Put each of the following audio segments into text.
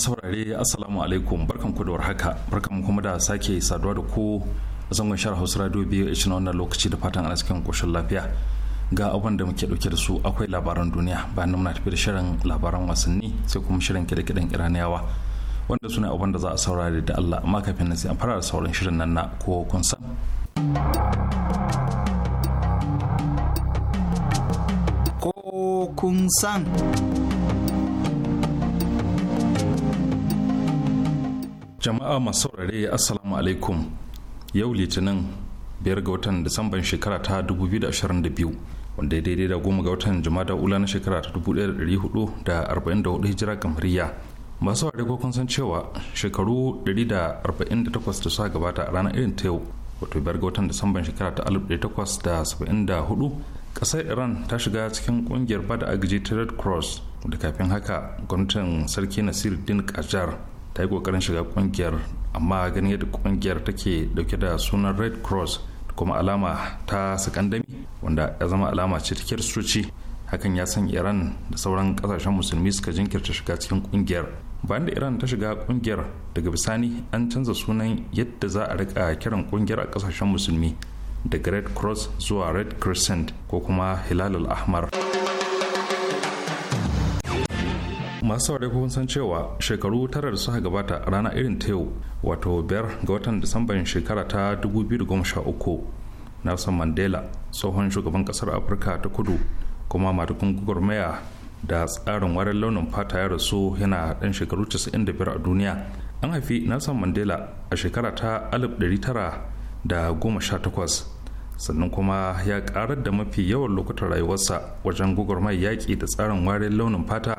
saurare assalamu alaikum barkan ku da warhaka barkan kuma da sake saduwa da ku a zangon shara hausa radio biyu a cikin wannan lokaci da fatan ana cikin koshin lafiya ga abin da muke dauke da su akwai labaran duniya bayan muna tafi da shirin labaran wasanni sai kuma shirin kiɗe-kiɗen iraniyawa wanda suna abin da za a saurare da allah amma kafin nan sai an fara da sauran shirin nan na ko kun san ko kun san jama'a masu saurare assalamu alaikum yau litinin biyar ga watan disamban shekara ta 2022 wanda ya daidai da goma ga watan jama'a ula na shekara ta 1444 hijira kamariya masu saurare ko kun san cewa shekaru 148 da suka gabata a ranar irin ta yau wato biyar ga watan disamban shekara ta 1874 kasar iran ta shiga cikin kungiyar bada agaji ta red cross da kafin haka gwamnatin sarki nasiru din kajar ta yi kokarin shiga kungiyar amma ganin yadda kungiyar take dauke da sunan red cross da kuma alama ta sakandami wanda ya zama alama ce ta kiristoci hakan ya san iran da sauran kasashen musulmi suka jinkirta shiga cikin kungiyar bayan da iran ta shiga kungiyar daga bisani an canza sunan yadda za a rika kiran kungiyar a kasashen musulmi daga red cross zuwa red crescent ko kuma hilal al-ahmar masu saurare kun san cewa shekaru tara da suka gabata rana irin ta yau wato biyar ga watan disamban shekara ta 2013 nelson mandela tsohon shugaban kasar afirka ta kudu kuma matakun gwagwarmaya da tsarin warin launin fata ya rasu yana dan shekaru 95 a duniya an haifi nelson mandela a shekara ta 1918 sannan kuma ya karar da mafi yawan lokutan rayuwarsa wajen gwagwarmar yaƙi da tsarin warin launin fata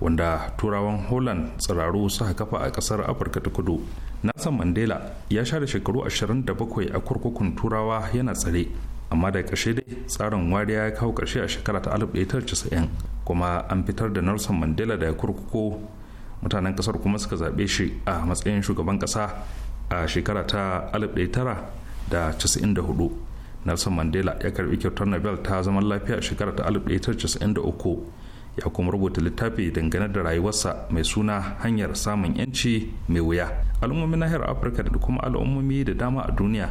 wanda turawan holland tsiraru suka kafa a kasar afirka ta kudu nelson mandela ya share shekaru 27 a kurkukun turawa yana tsare amma da ƙarshe dai tsarin wariya ya kawo ƙarshe a shekara ta 1990 kuma an fitar da nelson mandela da kurkuku mutanen ƙasar kuma suka zaɓe shi a matsayin shugaban ƙasa a shekara ta 1994 nelson mandela ya karbi kyautar nobel ta zaman lafiya a shekara ta 1993 ya kuma rubuta littafi dangane da rayuwarsa mai suna hanyar samun yanci mai wuya al'ummomin nahiyar afirka da kuma al'ummomi da dama a duniya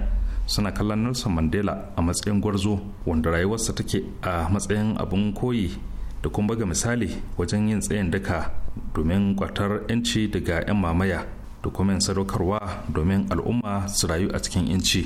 suna kallon nelson mandela a matsayin gwarzo wanda rayuwarsa take a matsayin abin koyi da kuma ga misali wajen yin tsayin daka domin kwatar yanci daga 'yan mamaya da kuma yin sadaukarwa domin al'umma su rayu a cikin yanci.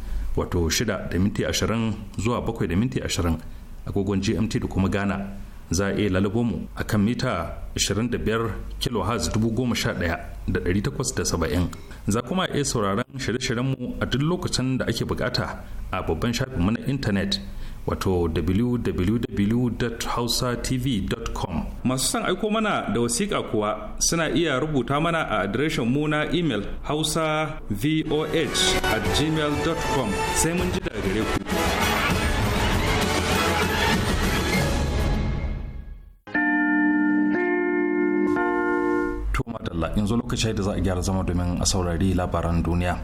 wato 6 da minti 20 zuwa 7 da minti 20 agogon gmt da kuma ghana za a iya lalubo mu a kan mita 25 kHz 11870 za kuma iya sauraron shirye-shiryen mu a duk lokacin da ake bukata a babban shafin na intanet wato www.hausatv.com masu son aiko mana da wasiƙa kuwa suna iya rubuta mana a adireshin mu na imel hausa voh at gmail.com sai mun ji daga gare ku. Tuma Dalla yanzu lokaci da za a gyara zama domin a saurari labaran duniya.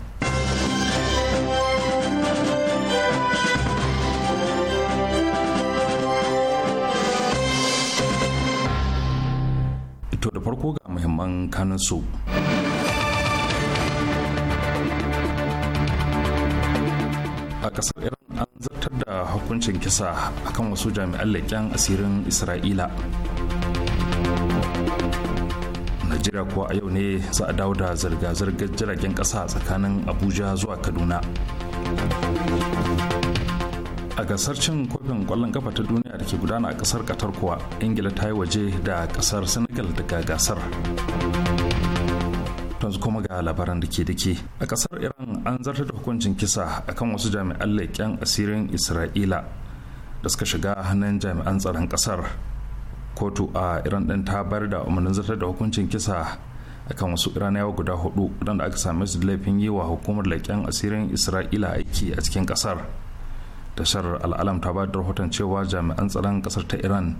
To da farko ga muhimman kanin su. kasar iran an zartar da hukuncin kisa akan wasu jami'an leƙen asirin isra'ila najeriya kuwa a yau ne za a dawo da zirga-zirgar jiragen ƙasa tsakanin abuja zuwa kaduna a gasar cin kofin kwallon kafa ta duniya da ke gudana a kasar qatar kuwa ingila ta yi waje da kasar senegal daga gasar yanzu kuma ga labaran da ke da a kasar iran an zartar da hukuncin kisa akan wasu jami'an leƙen asirin isra'ila da suka shiga hannun jami'an tsaron kasar kotu a iran ɗin ta bar da umarnin zartar da hukuncin kisa akan wasu iraniyawa guda hudu da aka same su da laifin yi wa hukumar leƙen asirin isra'ila aiki a cikin kasar tashar al'alam ta bayar da rahoton cewa jami'an tsaron ƙasar ta iran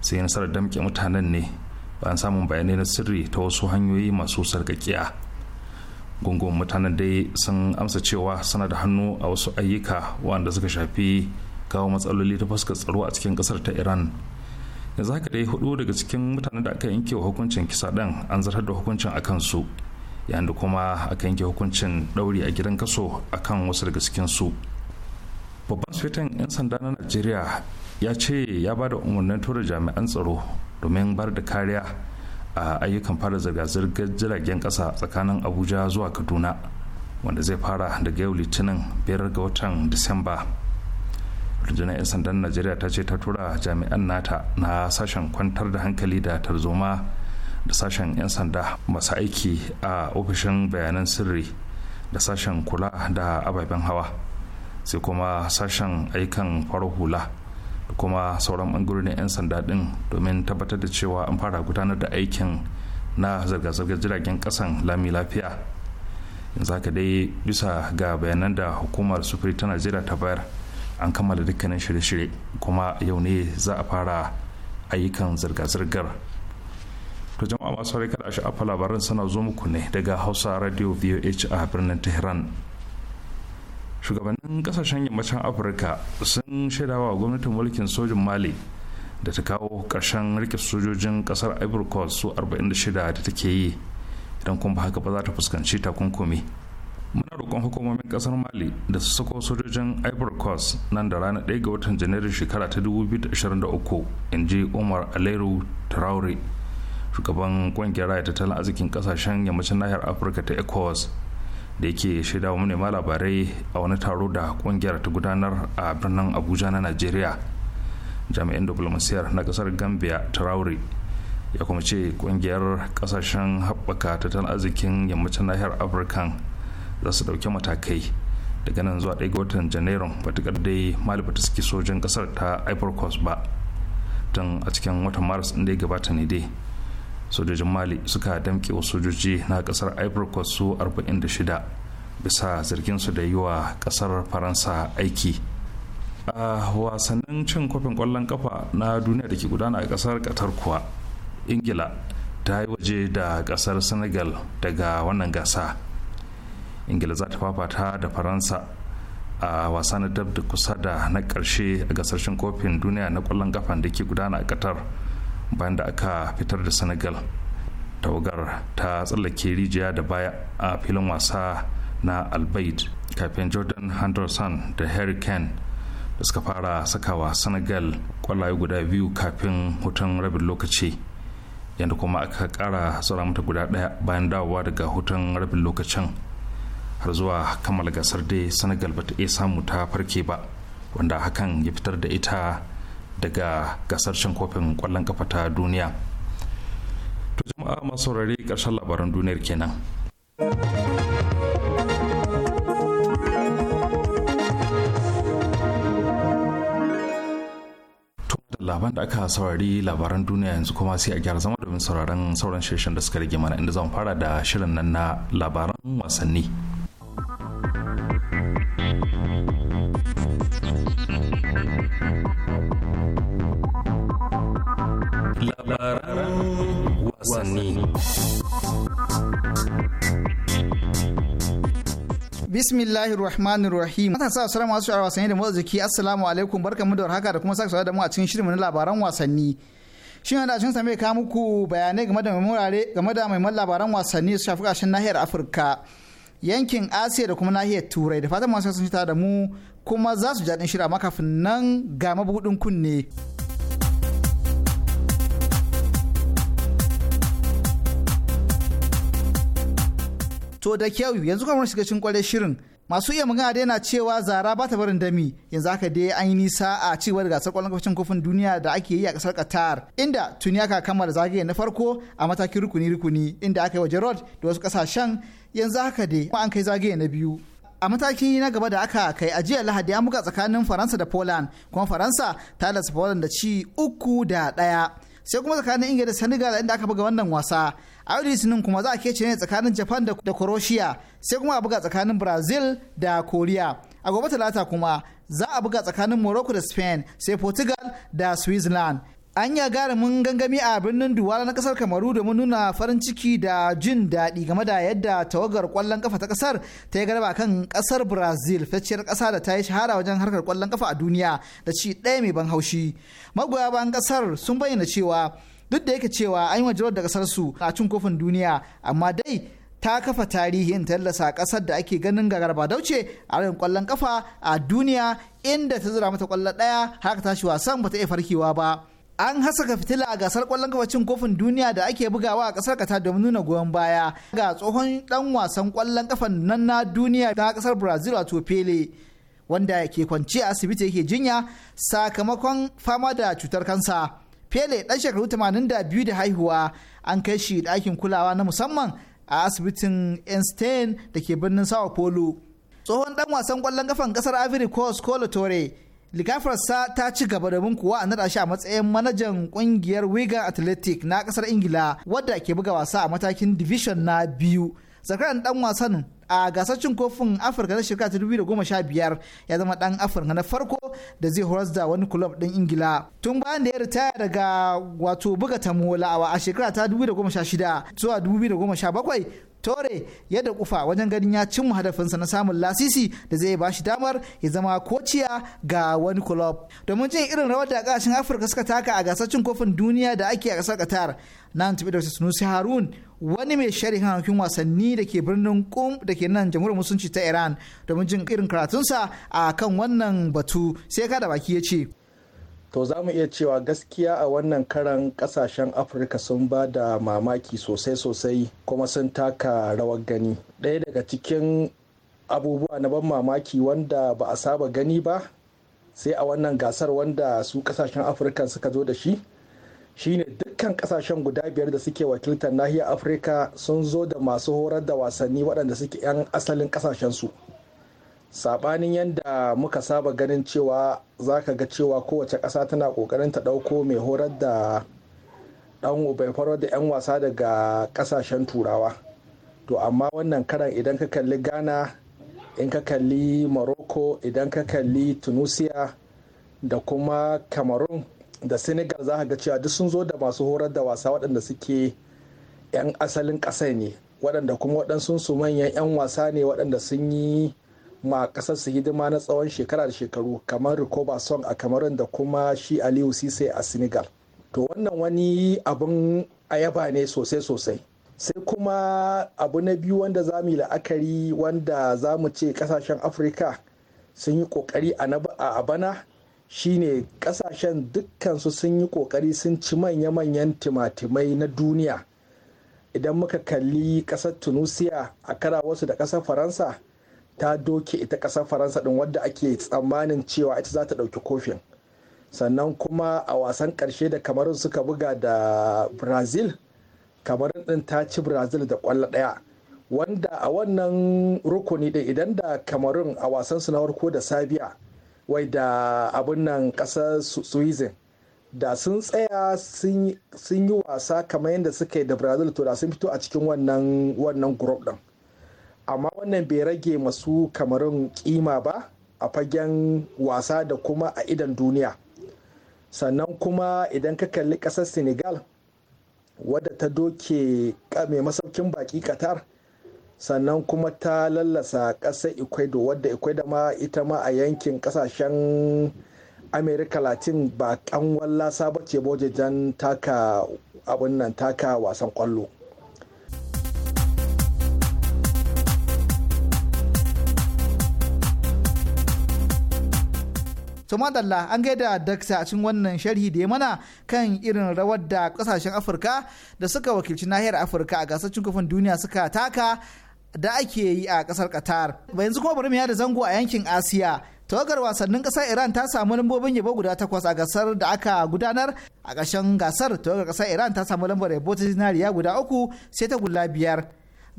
sai nasarar damƙe mutanen ne bayan samun bayanai na sirri ta wasu hanyoyi masu sarkakiya gungun mutanen dai sun amsa cewa suna da hannu a wasu ayyuka wanda suka shafi kawo matsaloli ta fuskar tsaro a cikin kasar ta iran yanzu haka dai hudu daga cikin mutanen da aka yanke wa hukuncin kisa ɗin an zartar da hukuncin a kansu yayin da kuma aka yanke hukuncin ɗauri a gidan kaso a kan wasu daga cikin su babban sufetan 'yan sanda na najeriya ya ce ya ba da umarnin tura jami'an tsaro domin bar da kariya a ayyukan fara zirga-zirgar jiragen kasa tsakanin abuja zuwa kaduna wanda zai fara daga yau litinin biyar ga watan disamba rundunar 'yan sandan najeriya ta ce ta tura jami'an nata na sashen kwantar da hankali da tarzoma da sashen 'yan sanda masu aiki a ofishin bayanan sirri da sashen kula da ababen hawa sai kuma sashen aikan farar hula kuma sauran bangarorin 'yan sanda din domin tabbatar da cewa an fara gudanar da aikin na zirga-zirgar jiragen kasan lami lafiya yanzu haka dai bisa ga bayanan da hukumar sufuri ta najeriya ta bayar an kammala dukkanin shirye-shirye kuma yau ne za a fara ayyukan zirga-zirgar to jama'a masu harkar a sha'afa labaran suna zo muku ne daga hausa radio voh a birnin tehran shugabannin kasashen yammacin afirka sun shaidawa gwamnatin mulkin sojin mali da ta kawo ƙarshen rike sojojin ƙasar ivory coast su 46 da take yi idan kuma haka ba za ta fuskanci takunkumi muna roƙon hukumomin ƙasar mali da su sako sojojin ivory coast nan da ranar 1 ga watan janairun shekara ta 2023 in ji umar aleru traore shugaban ƙungiyar raya tattalin arzikin ƙasashen yammacin nahiyar afirka ta ecowas da yake shaida wa manema labarai a wani taro da kungiyar ta gudanar a birnin abuja na nigeria jami'in diplomasiyar na kasar gambia traore ya kuma ce kungiyar kasashen haɓaka tattalin arzikin yammacin nahiyar afirka za su ɗauki matakai daga nan zuwa ɗaya ga watan janairun ba dai mali ba ta saki sojin kasar ta ivory coast ba tun a cikin watan maris ɗin da ya gabata ne dai sojojin mali suka damƙe wasu sojoji na kasar ivory coast su 46 bisa zargin su da yi wa kasar faransa aiki a wasannin cin kofin kwallon kafa na duniya da ke gudana a kasar qatar kuwa ingila ta yi waje da kasar senegal daga wannan gasa ingila za ta fafata da faransa a wasa na dab da kusa da na karshe a gasar cin kofin duniya na kwallon kafa da ke gudana a qatar bayan da aka fitar da senegal tawagar ta tsallake rijiya da baya a filin wasa na albaid kafin jordan henderson da harry kane da suka fara sakawa senegal kwallaye guda biyu kafin hutun rabin lokaci yadda kuma aka kara tsara mata guda daya bayan dawowa daga hutun rabin lokacin har zuwa kammala gasar dai senegal bata iya samu ta farke ba wanda hakan ya fitar da ita daga gasar cin kofin kwallon kafa ta duniya to jama'a masu saurari karshen labaran duniyar kenan labaran da aka saurari labaran duniya yanzu kuma sai a gyara zama domin sauraron sauran shirin da suka rage mana inda zan fara da shirin nan na labaran wasanni. Bismillahir Rahmanir Rahim. Matasa alaikum a wasanni da motsa jiki. Assalamu alaikum barkamu da warhaka da kuma sake da mu a cikin shirin na labaran wasanni. Shin yana sa same ka muku bayanai game da memorare game da mai labaran wasanni su shafi kashin nahiyar Afirka. Yankin Asiya da kuma nahiyar Turai da fatan masu sun da mu kuma za su jaɗin shirin amma kafin nan ga mabuɗin kunne. to da kyau yanzu kamar shiga cikin kwarai shirin masu iya magana dai na cewa zara ba ta barin dami yanzu haka dai an yi nisa a cigaba da gasar kwallon kafin kofin duniya da ake yi a kasar qatar inda tuni aka kammala zagaye na farko a matakin rukuni rukuni inda aka yi wa gerard da wasu kasashen yanzu haka dai kuma an kai zagaye na biyu a mataki na gaba da aka kai a jiya lahadi an buga tsakanin faransa da poland kuma faransa ta lasa poland da ci uku da daya sai kuma tsakanin ingila da senegal inda aka buga wannan wasa a yau litinin kuma za a kece ne tsakanin japan da croatia sai kuma a buga tsakanin brazil da korea a gobe talata kuma za a buga tsakanin morocco da spain sai portugal da switzerland an yi mun gangami a birnin duwala na kasar kamaru domin nuna farin ciki da jin daɗi game da yadda tawagar kwallon kafa ta kasar ta yi garba kan kasar brazil fitacciyar kasa da ta yi shahara wajen harkar kwallon kafa a duniya da ci ɗaya mai ban haushi magoya bayan kasar sun bayyana cewa duk da yake cewa an yi majalar da kasar su a cin kofin duniya amma dai ta kafa tarihin tallasa kasar da ake ganin gagarba dauce a rayin kwallon kafa a duniya inda ta zura mata kwallo daya har ka tashi wasan bata iya farkewa ba an hasaka fitila a gasar kwallon kafa cin kofin duniya da ake bugawa a kasar kata domin nuna goyon baya ga tsohon dan wasan kwallon kafan nan na duniya ta kasar brazil wato pele wanda ke kwanci a asibiti yake jinya sakamakon fama da cutar kansa fele ɗan shekaru 82 da haihuwa an kai shi ɗakin kulawa na musamman a asibitin einstein da ke birnin sao paulo tsohon ɗan wasan ƙwallon ƙafan ƙasar ivory coast kolo tore likafarsa ta ci gaba domin kuwa a naɗa shi a matsayin manajan ƙungiyar wigan athletic na ƙasar ingila wadda ke buga wasa a matakin division na biyu zakaran ɗan wasan a gasar cin kofin afirka na shekara ta 2015 ya zama dan afirka na farko da zai horas da wani kulob din ingila tun bayan da ya ritaya daga wato buga tamola a shekara ta 2016 zuwa 2017 tore ya da kufa wajen ganin ya cimma hadafinsa na samun lasisi da zai ba shi damar ya zama kociya ga wani kulob domin jin irin rawar da kasashen afirka suka taka a gasar cin kofin duniya da ake a kasar qatar na tafi da sunusi harun wani mai sharhin hankin wasanni da ke birnin kum da ke nan jamhuriyar musulunci ta iran domin jin irin karatunsa a kan wannan batu sai ka da baki ya ce to za mu iya cewa gaskiya a wannan karan kasashen afirka sun ba da mamaki sosai-sosai kuma sun taka rawar gani ɗaya daga cikin abubuwa na ban mamaki wanda ba a saba gani ba sai a wannan gasar wanda su kasashen afirka suka zo da shi shine dukkan kasashen guda biyar da suke wakiltar nahiyar afirka sun zo da masu horar da wasanni waɗanda suke 'yan asalin su. sabanin yadda muka saba ganin cewa za ka ga cewa kowace ƙasa tana ƙoƙarin ta ɗauko mai horar da ɗan bai da 'yan wasa daga ƙasashen turawa to amma wannan karan idan ka kalli ghana in ka kalli morocco idan ka kalli tunisia da kuma cameroon da senegal za ka ga cewa duk sun zo da masu horar da wasa waɗanda suke 'yan asalin ƙasa ne waɗanda kuma waɗansu su manyan 'yan wasa ne waɗanda sun yi ma kasar su hidima na tsawon shekara da shekaru kamar rikoba Song a kamarin da kuma shi Aliyu Sise a Senegal. To wannan wani abun ayaba ne sosai sosai. Sai kuma abu na biyu wanda za mu yi la'akari wanda za mu ce kasashen Afirka sun yi kokari a bana shine kasashen dukkansu sun yi kokari sun ci manya-manyan timatimai na duniya idan muka kalli kasar tunisia a kara wasu da kasar faransa ta doke ita kasar faransa din wadda ake tsammanin cewa ita za ta ɗauki kofin sannan kuma a wasan karshe da kamarun suka buga da brazil kamarun din ta ci brazil da kwallo daya wanda a wannan rukuni din idan da kamarun a wasansu na farko da sabiya wai da abin nan ƙasar sweden da sun tsaya sun yi wasa kamar yadda suka yi da brazil to da sun fito a cikin wannan wannan group din amma wannan bai rage masu kamarin kima ba a fagen wasa da kuma a idan duniya sannan kuma idan ka kalli ƙasar senegal wadda ta doke mai masaukin baki qatar sannan kuma ta lallasa ƙasar ecuador wadda ecuador ma ita ma a yankin ƙasashen america latin ba kanwan ba ce bojejan taka abin nan taka wasan kwallo to madalla an gaida dakta a cikin wannan sharhi da ya mana kan irin rawar da kasashen afirka da suka wakilci nahiyar afirka a gasar cin kofin duniya suka taka da ake yi a kasar qatar ba yanzu kuma bari mu da zango a yankin asiya tawagar wasannin kasar iran ta samu lambobin yabo guda takwas a gasar da aka gudanar a ƙarshen gasar tawagar kasar iran ta samu lambar yabo ta zinariya guda uku sai ta gula biyar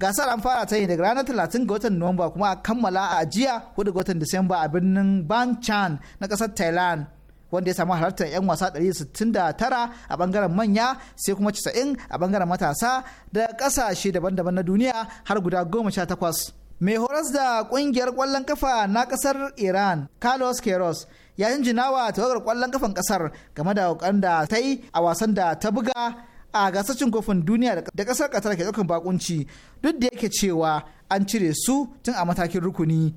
gasar an fara ta yi daga ranar 30 ga watan nuwamba kuma a kammala a jiya hudu ga watan disamba a birnin banchan na kasar thailand wanda ya samu halartar 'yan wasa 169 a bangaren manya sai kuma 90 a bangaren matasa da kasashe daban-daban na duniya har guda 18 mai horas da kungiyar kwallon kafa na kasar iran carlos keros ya jinjina wa tawagar kwallon kafan kasar game da da ta yi a wasan da ta buga a gasashen kofin duniya da kasar Katar ke daukan bakunci duk da yake cewa an cire su tun a matakin rukuni.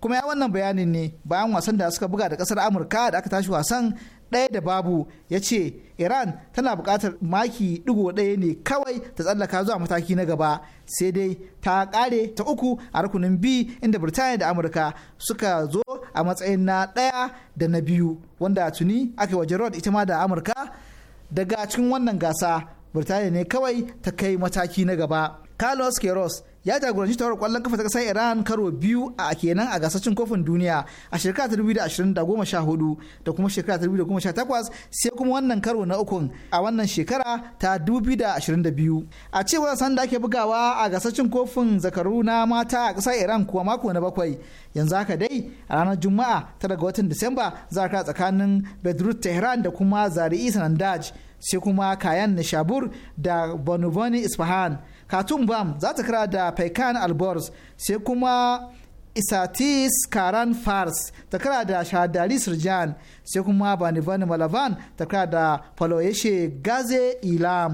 Kuma ya wannan bayanin ne bayan wasan da suka buga da kasar Amurka da aka tashi wasan ɗaya da babu ya ce Iran tana buƙatar maki ɗigo ɗaya ne kawai ta tsallaka zuwa mataki na gaba sai dai ta ƙare ta uku a rukunin B inda Birtaniya da Amurka suka zo a matsayin na ɗaya da na biyu wanda tuni aka waje Rod ita ma da Amurka daga cikin wannan gasa birtaniya ne kawai ta kai mataki na gaba carlos queiroz ya jagoranci tawar kwallon kafa ta kasar iran karo biyu a kenan a gasashen kofin duniya a shekara ta 2014 da kuma shekara ta 2018 sai kuma wannan karo na ukun a wannan shekara ta 2022 a cewar sanda ake bugawa a gasashen kofin zakaru na mata a kasar iran kuwa mako na bakwai yanzu haka dai a ranar juma'a ta daga watan disamba za a tsakanin bedrut tehran da kuma zari'i sanandaj sai kuma kayan nishabur da bonuboni isfahan katun bam za ta kira da pekan albors sai kuma isatis karan fars ta kira da Shadari sirjan sai kuma bani malavan ta kira da faloyeshe gaze ilam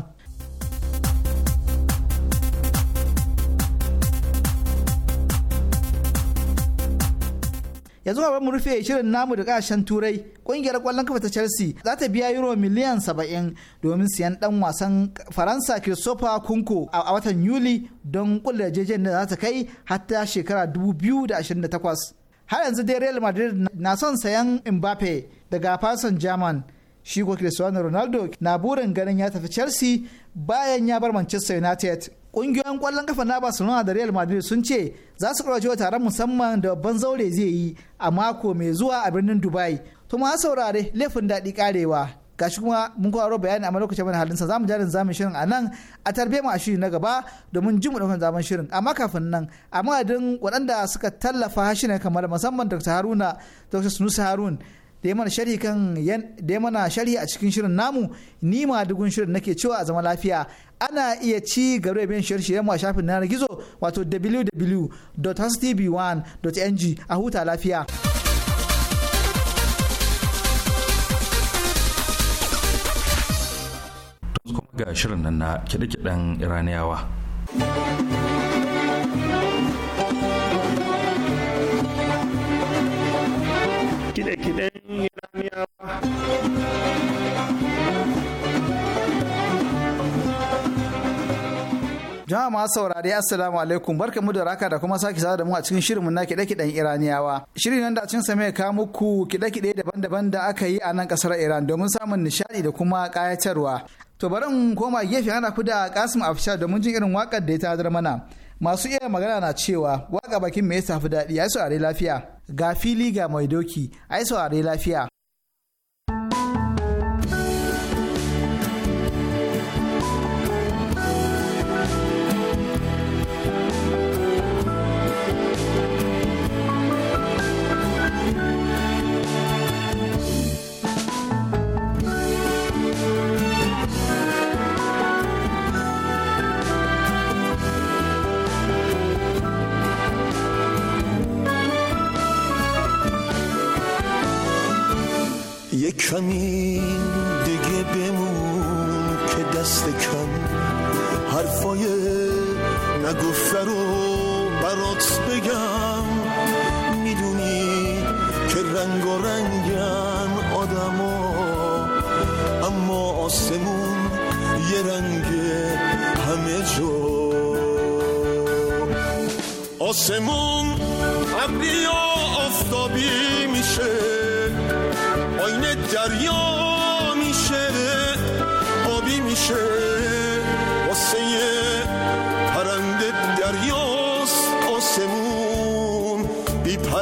yanzu kafin mu rufe shirin namu da kasashen turai kungiyar kwallon kafa ta chelsea za ta biya euro miliyan 70 domin siyan dan wasan faransa christopher kunko a watan yuli don kulle yarjejeniyar da za ta kai hatta shekara 2028 har yanzu dai real madrid na son sayan mbappe daga fasan german shi ko ronaldo na burin ganin ya tafi chelsea bayan ya bar manchester united kungiyoyin kwallon kafa na Barcelona da Real Madrid sun ce za su ƙarfafa taron musamman da babban zaure zai yi a mako mai zuwa a birnin Dubai. To ma saurare laifin daɗi karewa Gashi kuma mun kwaro bayani a lokacin mana halinsa za mu jarin zamin shirin a nan a tarbe mu a shiri na gaba domin jin mu ɗaukan zaman shirin. Amma kafin nan a madadin waɗanda suka tallafa hashinan kamar musamman Dr. Haruna Dr. Sunusi Harun da ya mana sharhi kan da mana sharhi a cikin shirin namu ni ma dugun shirin nake cewa a zama lafiya ana iya ci gaba da bin shirye mu a shafin na gizo wato www.hstv1.ng a huta lafiya. kuma ga shirin nan na kiɗe-kiɗen iraniyawa. jama'a masu saurari assalamu alaikum mu da raka da kuma sake sada da mu a cikin shirinmu na kiɗe-kiɗen iraniyawa shirin nan da cin sa mai kawo muku kiɗe-kiɗe daban-daban da aka yi a nan ƙasar iran domin samun nishaɗi da kuma ƙayatarwa to bari in koma gefe ana ku da kasim afshar domin jin irin waƙar da ya tazar mana masu iya magana na cewa waƙa bakin me ya tafi daɗi ai saurari lafiya ga fili ga mai doki ai saurari lafiya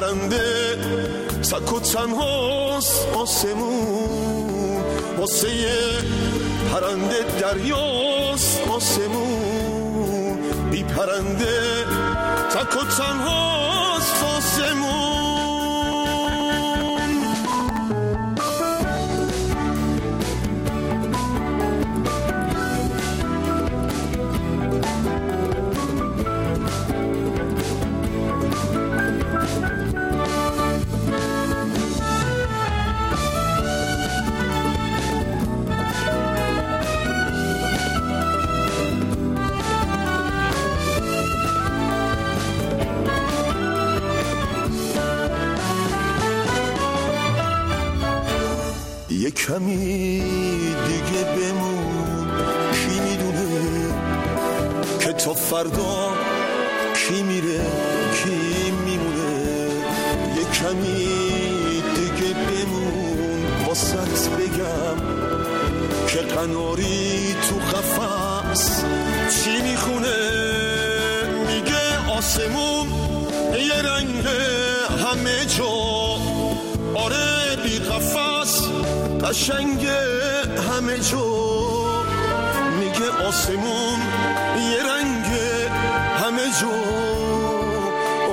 پرنده سک و تنهاست آسمون واسه پرنده دریاست آسمون بی پرنده تک و تنهاست آسمون کمی دیگه بمون کی میدونه که تا فردا کی میره کی میمونه یه کمی دیگه بمون واسط بگم که قناری تو قفص چی میخونه میگه آسمون یه رنگ همه جا آره بی قفص قشنگه همه جو میگه آسمون یه رنگ همه جو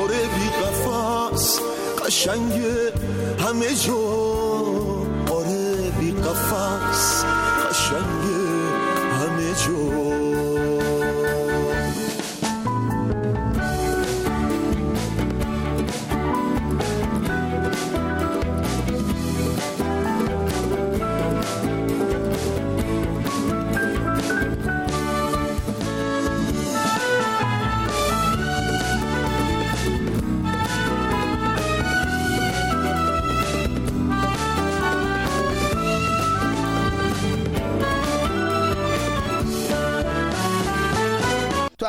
آره بی قفص قشنگه همه جو آره بی قفص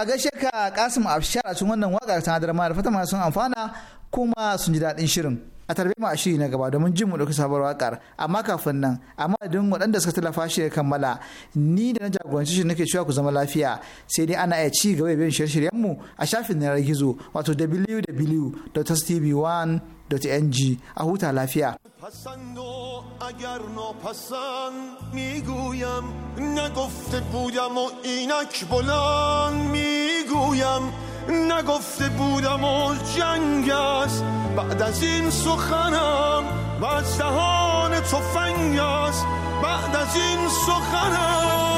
gaishe ka Kasim Abshar a cikin wannan waƙar sanadar ma da fata ma sun amfana kuma sun ji daɗin shirin. A tarbe mu a shiri na gaba domin jin mu ɗauki sabuwar wakar amma kafin nan amma madadin waɗanda suka tallafa shi ya kammala ni da na jagoranci shi nake cewa ku zama lafiya sai dai ana iya ci gaba da bin shirye-shiryen mu a shafin yanar gizo wato www.tv1 ng اگر ناپسند میگویم نگفته بودم و اینک بلند میگویم نگفته بودم و جنگ است بعد از این سخنم و از دهان تفنگ است بعد از این سخنم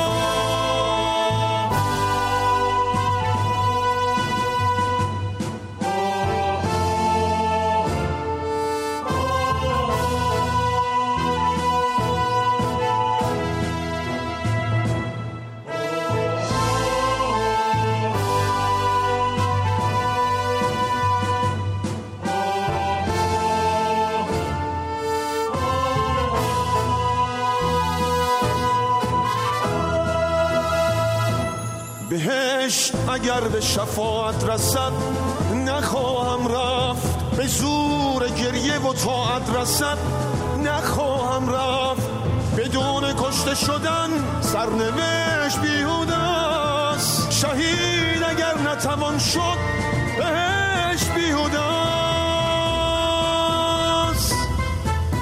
گر به شفاعت رسد نخواهم رفت به زور گریه و طاعت رسد نخواهم رفت بدون کشته شدن سرنوشت بیهود شهید اگر نتوان شد بهش بیهود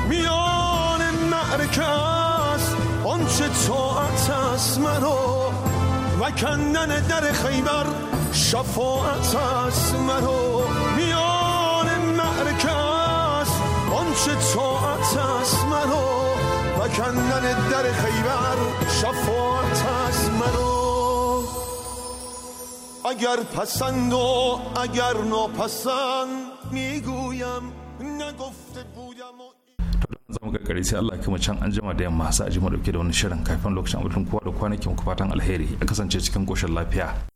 میان معرکه است آنچه تاعت است مرا فکندن در خیبر شفاعت است مرا میان معرکه آنچه طاعت است مرا فکندن در خیبر شفاعت است مرا اگر پسند و اگر ناپسند میگویم نه muka kare sai Allah kuma can an jima da yamma sai a jima dauke da wani shirin kafin lokacin abudin kowa da kwanakin ku fatan alheri a kasance cikin koshin lafiya